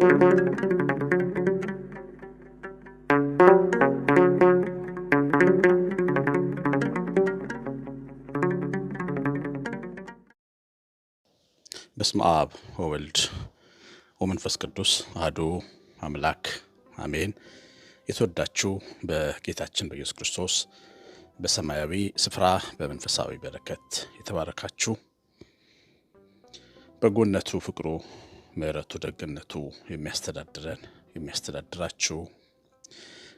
በስመ አብ ወወልድ ወመንፈስ ቅዱስ አሐዱ አምላክ አሜን። የተወዳችሁ በጌታችን በኢየሱስ ክርስቶስ በሰማያዊ ስፍራ በመንፈሳዊ በረከት የተባረካችሁ በጎነቱ ፍቅሩ ምሕረቱ ደግነቱ የሚያስተዳድረን የሚያስተዳድራችሁ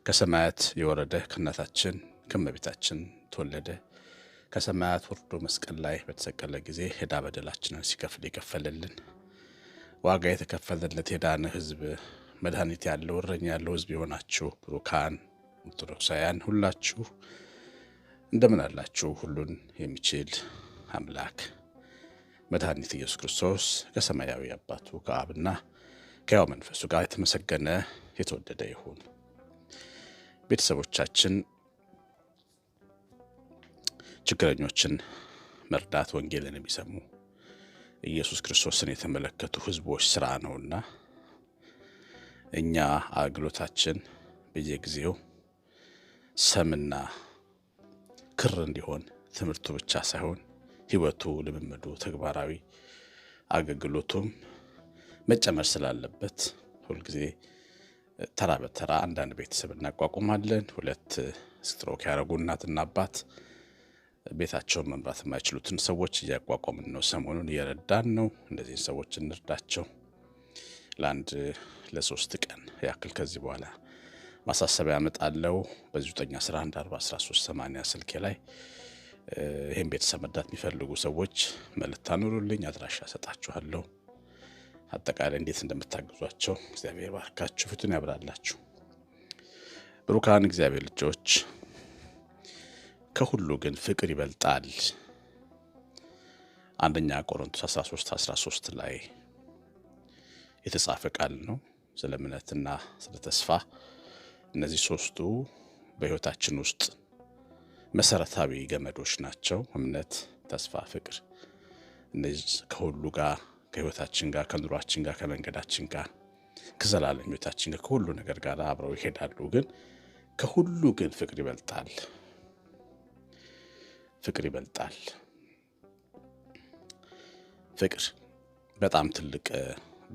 ከሰማያት የወረደ ከእናታችን ከእመቤታችን ተወለደ ከሰማያት ወርዶ መስቀል ላይ በተሰቀለ ጊዜ ሄዳ በደላችንን ሲከፍል የከፈለልን ዋጋ የተከፈለለት የዳነ ህዝብ መድኃኒት ያለው እረኛ ያለው ህዝብ የሆናችሁ ብሩካን ኦርቶዶክሳውያን ሁላችሁ እንደምን አላችሁ? ሁሉን የሚችል አምላክ መድኃኒት ኢየሱስ ክርስቶስ ከሰማያዊ አባቱ ከአብና ከያው መንፈሱ ጋር የተመሰገነ የተወደደ ይሁን። ቤተሰቦቻችን ችግረኞችን መርዳት ወንጌልን የሚሰሙ ኢየሱስ ክርስቶስን የተመለከቱ ሕዝቦች ስራ ነውና እኛ አገልግሎታችን በየጊዜው ሰምና ክር እንዲሆን ትምህርቱ ብቻ ሳይሆን ህይወቱ፣ ልምምዱ፣ ተግባራዊ አገልግሎቱም መጨመር ስላለበት ሁልጊዜ ተራ በተራ አንዳንድ ቤተሰብ እናቋቁማለን። ሁለት ስትሮክ ያደረጉ እናትና አባት ቤታቸውን መምራት የማይችሉትን ሰዎች እያቋቋምን ነው። ሰሞኑን እየረዳን ነው። እነዚህን ሰዎች እንርዳቸው። ለአንድ ለሶስት ቀን ያክል ከዚህ በኋላ ማሳሰቢያ ያመጣለው በ 9 በ911 413 80 ስልኬ ላይ ይህም ቤተሰብ መርዳት የሚፈልጉ ሰዎች መልእክት አኑሩልኝ፣ አድራሻ ሰጣችኋለሁ። አጠቃላይ እንዴት እንደምታግዟቸው እግዚአብሔር ባርካችሁ፣ ፊቱን ያብራላችሁ። ብሩካን እግዚአብሔር ልጆች፣ ከሁሉ ግን ፍቅር ይበልጣል። አንደኛ ቆሮንቶስ 13 13 ላይ የተጻፈ ቃል ነው። ስለ እምነትና ስለ ተስፋ እነዚህ ሶስቱ በህይወታችን ውስጥ መሰረታዊ ገመዶች ናቸው። እምነት፣ ተስፋ፣ ፍቅር እነዚህ ከሁሉ ጋር ከህይወታችን ጋር ከኑሯችን ጋር ከመንገዳችን ጋር ከዘላለም ህይወታችን ጋር ከሁሉ ነገር ጋር አብረው ይሄዳሉ። ግን ከሁሉ ግን ፍቅር ይበልጣል። ፍቅር ይበልጣል። ፍቅር በጣም ትልቅ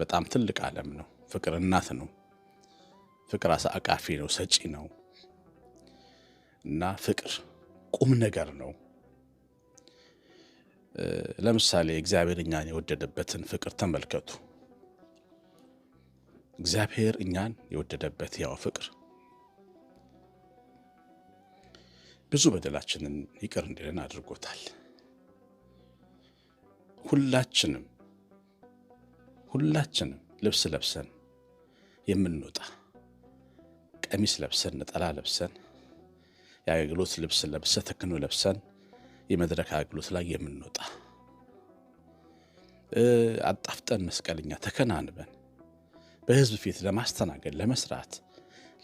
በጣም ትልቅ ዓለም ነው። ፍቅር እናት ነው። ፍቅር አቃፊ ነው፣ ሰጪ ነው እና ፍቅር ቁም ነገር ነው። ለምሳሌ እግዚአብሔር እኛን የወደደበትን ፍቅር ተመልከቱ። እግዚአብሔር እኛን የወደደበት ያው ፍቅር ብዙ በደላችንን ይቅር እንዲለን አድርጎታል። ሁላችንም ሁላችንም ልብስ ለብሰን የምንወጣ ቀሚስ ለብሰን ነጠላ ለብሰን የአገልግሎት ልብስ ለብሰ ተክኖ ለብሰን የመድረክ አገልግሎት ላይ የምንወጣ አጣፍጠን መስቀልኛ ተከናንበን በህዝብ ፊት ለማስተናገድ ለመስራት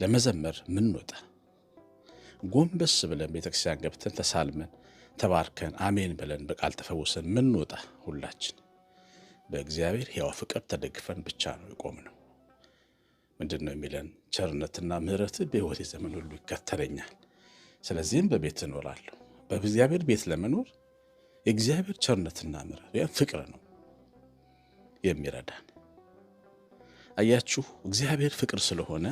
ለመዘመር ምንወጣ ጎንበስ ብለን ቤተክርስቲያን ገብተን ተሳልመን ተባርከን አሜን ብለን በቃል ተፈውሰን ምንወጣ ሁላችን በእግዚአብሔር ሕያው ፍቅር ተደግፈን ብቻ ነው የቆምነው። ምንድን ነው የሚለን? ቸርነትና ምሕረት በሕይወቴ ዘመን ሁሉ ይከተለኛል ስለዚህም በቤት እኖራለሁ። በእግዚአብሔር ቤት ለመኖር የእግዚአብሔር ቸርነትና ምሕረት ወይም ፍቅር ነው የሚረዳን። አያችሁ፣ እግዚአብሔር ፍቅር ስለሆነ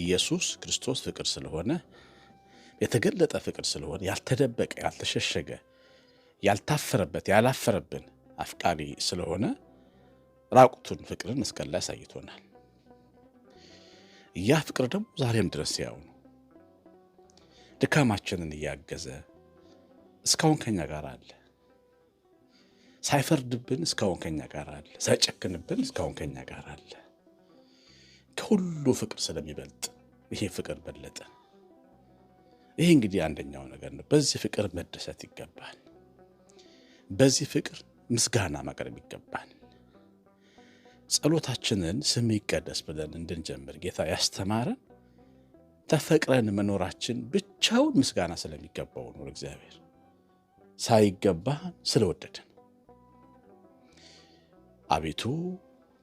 ኢየሱስ ክርስቶስ ፍቅር ስለሆነ የተገለጠ ፍቅር ስለሆነ ያልተደበቀ፣ ያልተሸሸገ፣ ያልታፈረበት፣ ያላፈረብን አፍቃሪ ስለሆነ ራቁቱን ፍቅርን መስቀል ላይ አሳይቶናል። ያ ፍቅር ደግሞ ዛሬም ድረስ ያው ነው። ድካማችንን እያገዘ እስካሁን ከኛ ጋር አለ። ሳይፈርድብን እስካሁን ከኛ ጋር አለ። ሳይጨክንብን እስካሁን ከኛ ጋር አለ። ከሁሉ ፍቅር ስለሚበልጥ ይሄ ፍቅር በለጠ። ይሄ እንግዲህ አንደኛው ነገር ነው። በዚህ ፍቅር መደሰት ይገባል። በዚህ ፍቅር ምስጋና ማቅረብ ይገባል። ጸሎታችንን ስም ይቀደስ ብለን እንድንጀምር ጌታ ያስተማረን ተፈቅረን መኖራችን ብቻውን ምስጋና ስለሚገባው ነው። እግዚአብሔር ሳይገባ ስለወደደን። አቤቱ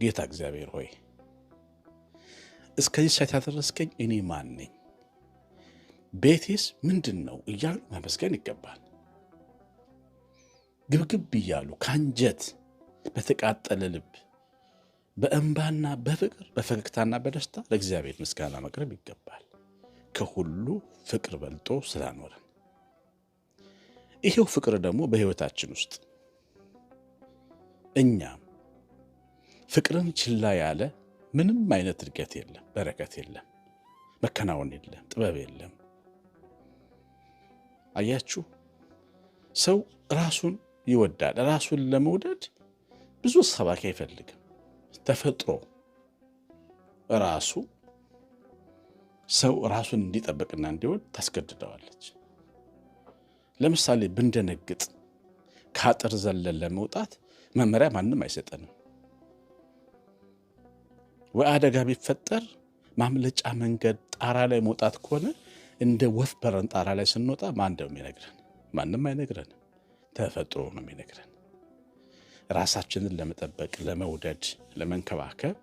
ጌታ እግዚአብሔር ሆይ እስከዚህ ሰዓት ያደረስከኝ እኔ ማን ነኝ? ቤቴስ ምንድን ነው? እያሉ መመስገን ይገባል። ግብግብ እያሉ ከአንጀት በተቃጠለ ልብ በእንባና በፍቅር በፈገግታና በደስታ ለእግዚአብሔር ምስጋና መቅረብ ይገባል። ከሁሉ ፍቅር በልጦ ስላኖረን ይሄው ፍቅር ደግሞ በህይወታችን ውስጥ እኛም ፍቅርን ችላ ያለ ምንም አይነት እድገት የለም፣ በረከት የለም፣ መከናወን የለም፣ ጥበብ የለም። አያችሁ፣ ሰው ራሱን ይወዳል። ራሱን ለመውደድ ብዙ ሰባኪ አይፈልግም። ተፈጥሮ ራሱ ሰው ራሱን እንዲጠብቅና እንዲወድ ታስገድደዋለች። ለምሳሌ ብንደነግጥ ከአጥር ዘለን ለመውጣት መመሪያ ማንም አይሰጠንም። ወይ አደጋ ቢፈጠር ማምለጫ መንገድ ጣራ ላይ መውጣት ከሆነ እንደ ወፍ በረን ጣራ ላይ ስንወጣ ማን ነው የሚነግረን? ማንም አይነግረን። ተፈጥሮ ነው የሚነግረን። ራሳችንን ለመጠበቅ፣ ለመውደድ፣ ለመንከባከብ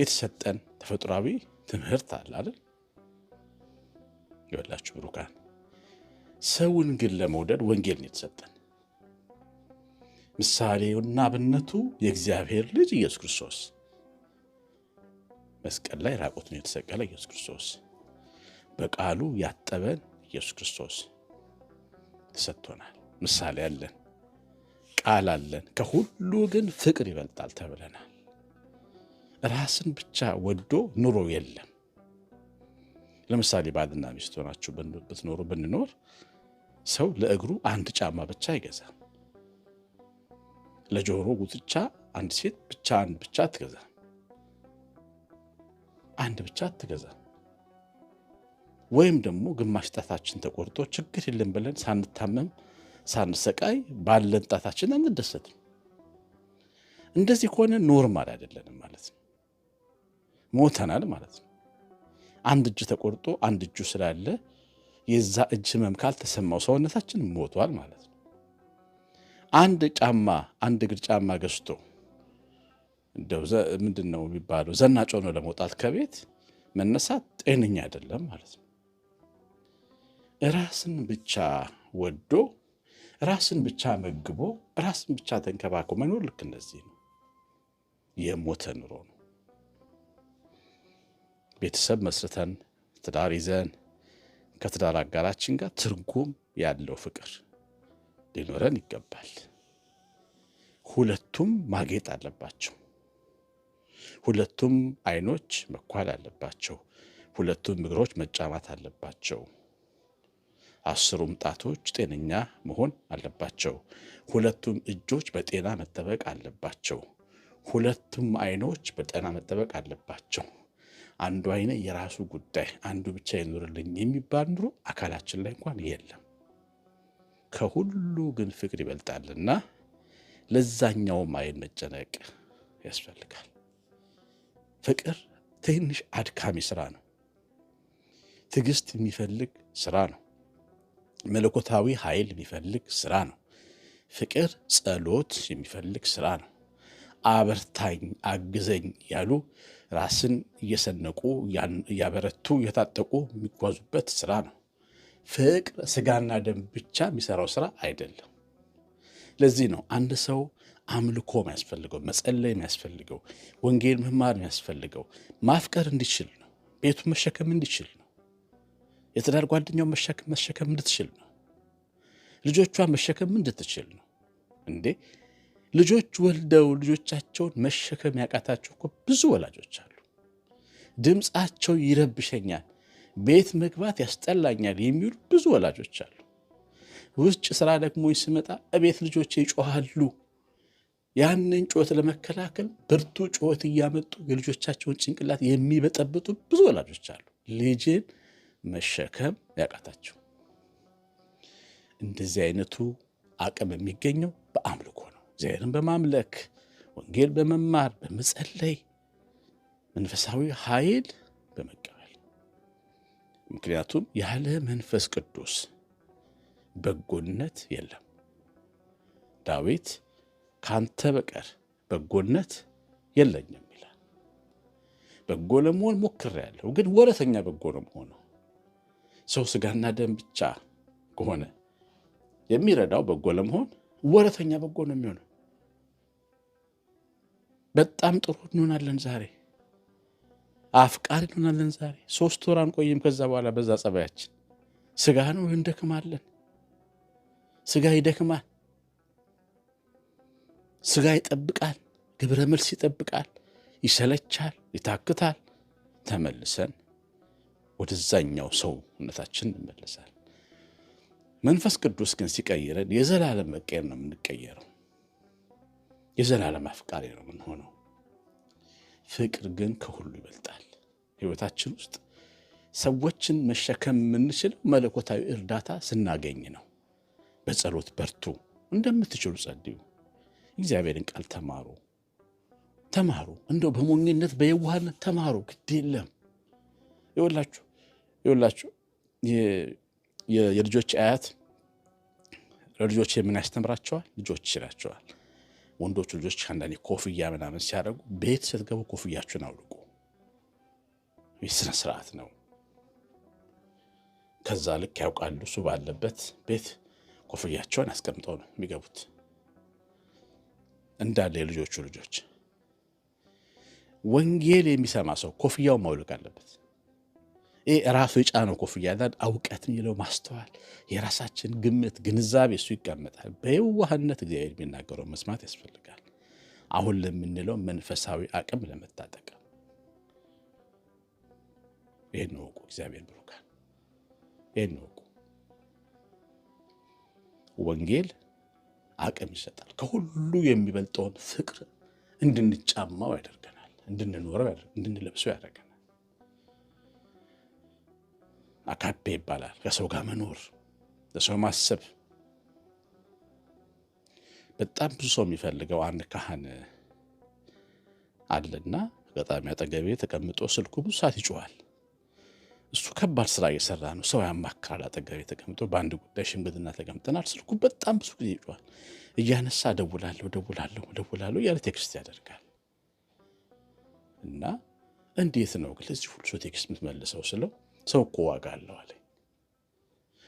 የተሰጠን ተፈጥሯዊ ትምህርት አለ አይደል? ይወላችሁ ብሩካን ሰውን ግን ለመውደድ ወንጌል ነው የተሰጠን። ምሳሌውና አብነቱ የእግዚአብሔር ልጅ ኢየሱስ ክርስቶስ መስቀል ላይ ነው የተሰቀለ ኢየሱስ ክርስቶስ፣ በቃሉ ያጠበን ኢየሱስ ክርስቶስ ተሰጥቶናል። ምሳሌ አለን፣ ቃል አለን። ከሁሉ ግን ፍቅር ይበልጣል ተብለናል። ራስን ብቻ ወዶ ኑሮ የለም። ለምሳሌ ባልና ሚስት ሆናችሁ ብትኖሩ ብንኖር ሰው ለእግሩ አንድ ጫማ ብቻ አይገዛም። ለጆሮ ጉትቻ አንድ ሴት ብቻ አንድ ብቻ አትገዛም። አንድ ብቻ አትገዛም። ወይም ደግሞ ግማሽ ጣታችን ተቆርጦ ችግር የለም ብለን ሳንታመም ሳንሰቃይ ባለን ጣታችን አንደሰትም። እንደዚህ ከሆነ ኖርማል አይደለንም ማለት ነው፣ ሞተናል ማለት ነው። አንድ እጅ ተቆርጦ አንድ እጁ ስላለ የዛ እጅ ህመም ካልተሰማው ሰውነታችን ሞቷል ማለት ነው። አንድ ጫማ አንድ እግር ጫማ ገዝቶ ምንድን ነው የሚባለው ዘናጭ ሆኖ ለመውጣት ከቤት መነሳት ጤነኛ አይደለም ማለት ነው። ራስን ብቻ ወዶ ራስን ብቻ መግቦ ራስን ብቻ ተንከባክቦ መኖር ልክ እንደዚህ ነው፣ የሞተ ኑሮ ነው። ቤተሰብ መስርተን ትዳር ይዘን ከትዳር አጋራችን ጋር ትርጉም ያለው ፍቅር ሊኖረን ይገባል። ሁለቱም ማጌጥ አለባቸው። ሁለቱም አይኖች መኳል አለባቸው። ሁለቱም እግሮች መጫማት አለባቸው። አስሩም ጣቶች ጤነኛ መሆን አለባቸው። ሁለቱም እጆች በጤና መጠበቅ አለባቸው። ሁለቱም አይኖች በጤና መጠበቅ አለባቸው። አንዱ አይነ የራሱ ጉዳይ አንዱ ብቻ ይኖርልኝ የሚባል ኑሮ አካላችን ላይ እንኳን የለም። ከሁሉ ግን ፍቅር ይበልጣልና ለዛኛውም አይን መጨነቅ ያስፈልጋል። ፍቅር ትንሽ አድካሚ ስራ ነው። ትዕግስት የሚፈልግ ስራ ነው። መለኮታዊ ኃይል የሚፈልግ ስራ ነው። ፍቅር ጸሎት የሚፈልግ ስራ ነው። አበርታኝ፣ አግዘኝ ያሉ ራስን እየሰነቁ እያበረቱ እየታጠቁ የሚጓዙበት ስራ ነው። ፍቅር ስጋና ደም ብቻ የሚሰራው ስራ አይደለም። ለዚህ ነው አንድ ሰው አምልኮ የሚያስፈልገው፣ መጸለይ የሚያስፈልገው፣ ወንጌል መማር የሚያስፈልገው ማፍቀር እንዲችል ነው። ቤቱን መሸከም እንዲችል ነው። የትዳር ጓደኛው መሸከም እንድትችል ነው። ልጆቿ መሸከም እንድትችል ነው። እንዴ ልጆች ወልደው ልጆቻቸውን መሸከም ያቃታቸው እኮ ብዙ ወላጆች አሉ። ድምፃቸው ይረብሸኛል፣ ቤት መግባት ያስጠላኛል የሚሉ ብዙ ወላጆች አሉ። ውጭ ስራ ደግሞ ስመጣ እቤት ልጆች ይጮሃሉ። ያንን ጩኸት ለመከላከል ብርቱ ጩኸት እያመጡ የልጆቻቸውን ጭንቅላት የሚበጠብጡ ብዙ ወላጆች አሉ። ልጅን መሸከም ያቃታቸው። እንደዚህ አይነቱ አቅም የሚገኘው በአምልኮ ነው። እግዚአብሔርን በማምለክ ወንጌል በመማር በመጸለይ መንፈሳዊ ኃይል በመቀበል ምክንያቱም ያለ መንፈስ ቅዱስ በጎነት የለም። ዳዊት ካንተ በቀር በጎነት የለኝም ይላል። በጎ ለመሆን ሞክሬያለሁ፣ ግን ወረተኛ በጎ ነው መሆነው። ሰው ስጋና ደም ብቻ ከሆነ የሚረዳው በጎ ለመሆን ወረተኛ በጎ ነው የሚሆነው። በጣም ጥሩ እንሆናለን ዛሬ፣ አፍቃሪ እንሆናለን ዛሬ። ሶስት ወር አንቆይም። ከዛ በኋላ በዛ ጸባያችን ስጋ ነው እንደክማለን። ስጋ ይደክማል። ስጋ ይጠብቃል፣ ግብረ መልስ ይጠብቃል፣ ይሰለቻል፣ ይታክታል። ተመልሰን ወደዛኛው ሰውነታችን እንመለሳል። መንፈስ ቅዱስ ግን ሲቀይረን የዘላለም መቀየር ነው የምንቀየረው። የዘላለም አፍቃሪ ነው የምንሆነው። ፍቅር ግን ከሁሉ ይበልጣል። ህይወታችን ውስጥ ሰዎችን መሸከም የምንችለው መለኮታዊ እርዳታ ስናገኝ ነው። በጸሎት በርቱ፣ እንደምትችሉ ጸልዩ፣ እግዚአብሔርን ቃል ተማሩ ተማሩ እንደው በሞኝነት በየዋህነት ተማሩ። ግድ የለም ይወላችሁ ይወላችሁ የልጆች አያት ለልጆች የምን ያስተምራቸዋል? ልጆች ይላቸዋል። ወንዶቹ ልጆች አንዳንዴ ኮፍያ ምናምን ሲያደርጉ ቤት ስትገቡ ኮፍያችሁን አውልቁ። ስነ ስርዓት ነው። ከዛ ልክ ያውቃሉ። እሱ ባለበት ቤት ኮፍያቸውን አስቀምጠው ነው የሚገቡት። እንዳለ የልጆቹ ልጆች ወንጌል የሚሰማ ሰው ኮፍያውን ማውለቅ አለበት። ይሄ ራሱ የጫ ነው ኮፍያ እውቀት የሚለው ማስተዋል፣ የራሳችን ግምት፣ ግንዛቤ እሱ ይቀመጣል። በየዋህነት እግዚአብሔር የሚናገረው መስማት ያስፈልጋል። አሁን ለምንለው መንፈሳዊ አቅም ለመታጠቀም ይህን ነው እግዚአብሔር ብሩካን ይህን ነው ወንጌል አቅም ይሰጣል። ከሁሉ የሚበልጠውን ፍቅር እንድንጫማው ያደርገናል፣ እንድንኖረው እንድንለብሰው ያደርገናል። አካፔ ይባላል። ከሰው ጋር መኖር፣ ለሰው ማሰብ በጣም ብዙ ሰው የሚፈልገው አንድ ካህን አለና አጋጣሚ አጠገቤ ተቀምጦ ስልኩ ብዙ ሰዓት ይጮዋል። እሱ ከባድ ስራ እየሰራ ነው። ሰው ያማክራል። አጠገቤ ተቀምጦ በአንድ ጉዳይ ሽምግልና ተቀምጠናል። ስልኩ በጣም ብዙ ጊዜ ይጮዋል። እያነሳ ደውላለሁ፣ ደውላለሁ፣ ደውላለሁ እያለ ቴክስት ያደርጋል እና እንዴት ነው ግን ለዚህ ሁሉ ሰው ቴክስት የምትመልሰው ስለው ሰው እኮ ዋጋ አለው አለኝ።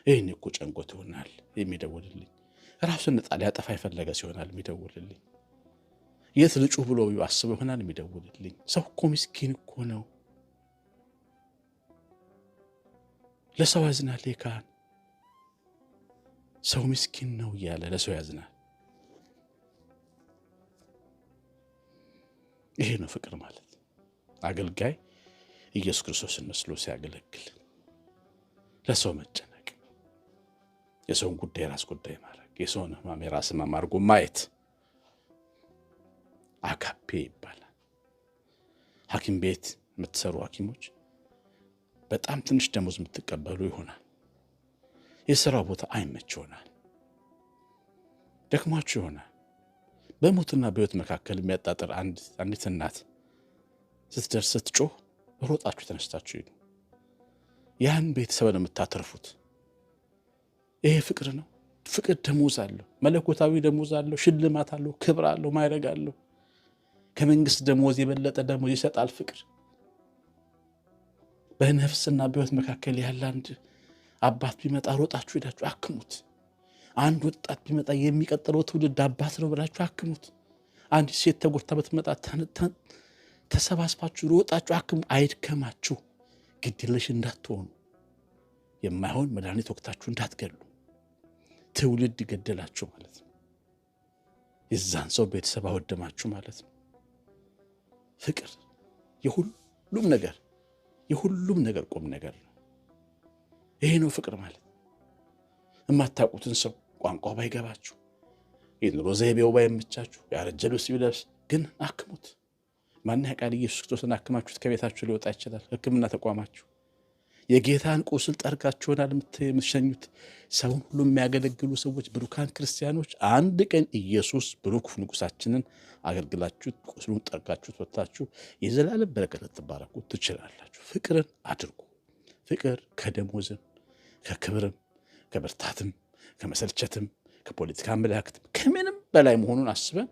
ይህን እኮ ጨንቆት ይሆናል የሚደውልልኝ ራሱን ነጣ ሊያጠፋ የፈለገ ሲሆናል የሚደውልልኝ የት ልጩ ብሎ አስበው ይሆናል የሚደውልልኝ። ሰው እኮ ምስኪን እኮ ነው። ለሰው ያዝናል። ካህን ሰው ምስኪን ነው እያለ ለሰው ያዝናል። ይሄ ነው ፍቅር ማለት አገልጋይ ኢየሱስ ክርስቶስን መስሎ ሲያገለግል ለሰው መጨነቅ፣ የሰውን ጉዳይ የራስ ጉዳይ ማድረግ፣ የሰውን ሕማም የራስ ሕማም አድርጎ ማየት አካፔ ይባላል። ሐኪም ቤት የምትሰሩ ሐኪሞች በጣም ትንሽ ደሞዝ የምትቀበሉ ይሆናል። የስራው ቦታ አይመች ይሆናል። ደክሟችሁ ይሆናል። በሞትና በሕይወት መካከል የሚያጣጥር አንዲት እናት ስትደርስ ስትጮህ ሮጣችሁ ተነስታችሁ ሂዱ። ያን ቤተሰብ ነው የምታተርፉት። ይሄ ፍቅር ነው። ፍቅር ደሞዝ አለው፣ መለኮታዊ ደሞዝ አለው፣ ሽልማት አለው፣ ክብር አለው፣ ማይረግ አለው። ከመንግስት ደሞዝ የበለጠ ደሞዝ ይሰጣል ፍቅር። በነፍስና በህይወት መካከል ያለ አንድ አባት ቢመጣ ሮጣችሁ ሄዳችሁ አክሙት። አንድ ወጣት ቢመጣ የሚቀጥለው ትውልድ አባት ነው ብላችሁ አክሙት። አንድ ሴት ተጎድታ ብትመጣ ተሰባስባችሁ ሮጣችሁ አክሙ፣ አይድከማችሁ፣ ግድለሽ እንዳትሆኑ፣ የማይሆን መድኃኒት ወቅታችሁ እንዳትገሉ። ትውልድ ገደላችሁ ማለት ነው። የዛን ሰው ቤተሰብ አወደማችሁ ማለት ነው። ፍቅር የሁሉም ነገር የሁሉም ነገር ቁም ነገር ነው። ይሄ ነው ፍቅር ማለት። የማታውቁትን ሰው ቋንቋ ባይገባችሁ፣ የኑሮ ዘይቤው ባይመቻችሁ፣ ያረጀ ልብስ ቢለብስ ግን አክሙት። ማን ያውቃል? ኢየሱስ ክርስቶስን አክማችሁት ከቤታችሁ ሊወጣ ይችላል። ሕክምና ተቋማችሁ የጌታን ቁስል ጠርጋችሁናል የምትሸኙት ሰውን ሁሉ የሚያገለግሉ ሰዎች ብሩካን ክርስቲያኖች፣ አንድ ቀን ኢየሱስ ብሩክ ንጉሳችንን አገልግላችሁት ቁስሉን ጠርጋችሁት ወጥታችሁ የዘላለም በረከት ልትባረኩ ትችላላችሁ። ፍቅርን አድርጉ። ፍቅር ከደሞዝም ከክብርም ከብርታትም ከመሰልቸትም ከፖለቲካ መላእክትም ከምንም በላይ መሆኑን አስበን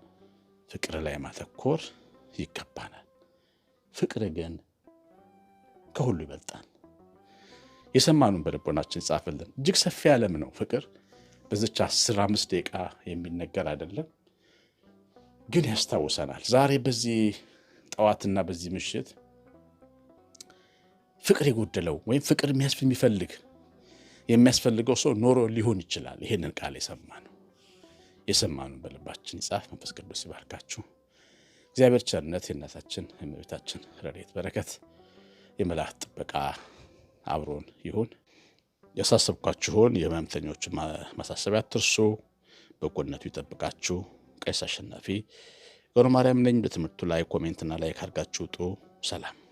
ፍቅር ላይ ማተኮር ይገባናል። ፍቅር ግን ከሁሉ ይበልጣል። የሰማኑን በልቦናችን ይጻፍልን። እጅግ ሰፊ ዓለም ነው ፍቅር። በዚች አስር አምስት ደቂቃ የሚነገር አይደለም፣ ግን ያስታውሰናል። ዛሬ በዚህ ጠዋትና በዚህ ምሽት ፍቅር የጎደለው ወይም ፍቅር የሚፈልግ የሚያስፈልገው ሰው ኖሮ ሊሆን ይችላል። ይሄንን ቃል የሰማ ነው የሰማኑን በልባችን ይጻፍ። መንፈስ ቅዱስ ይባርካችሁ። እግዚአብሔር ቸርነት የእናታችን የእመቤታችን ረድኤት በረከት የመላእክት ጥበቃ አብሮን ይሁን። ያሳሰብኳችሁን የህመምተኞችን ማሳሰቢያ አትርሱ። በጎነቱ ይጠብቃችሁ። ቀሲስ አሸናፊ ገብረ ማርያም ነኝ። በትምህርቱ ላይ ኮሜንትና ላይክ አድርጋችሁ ጡ ሰላም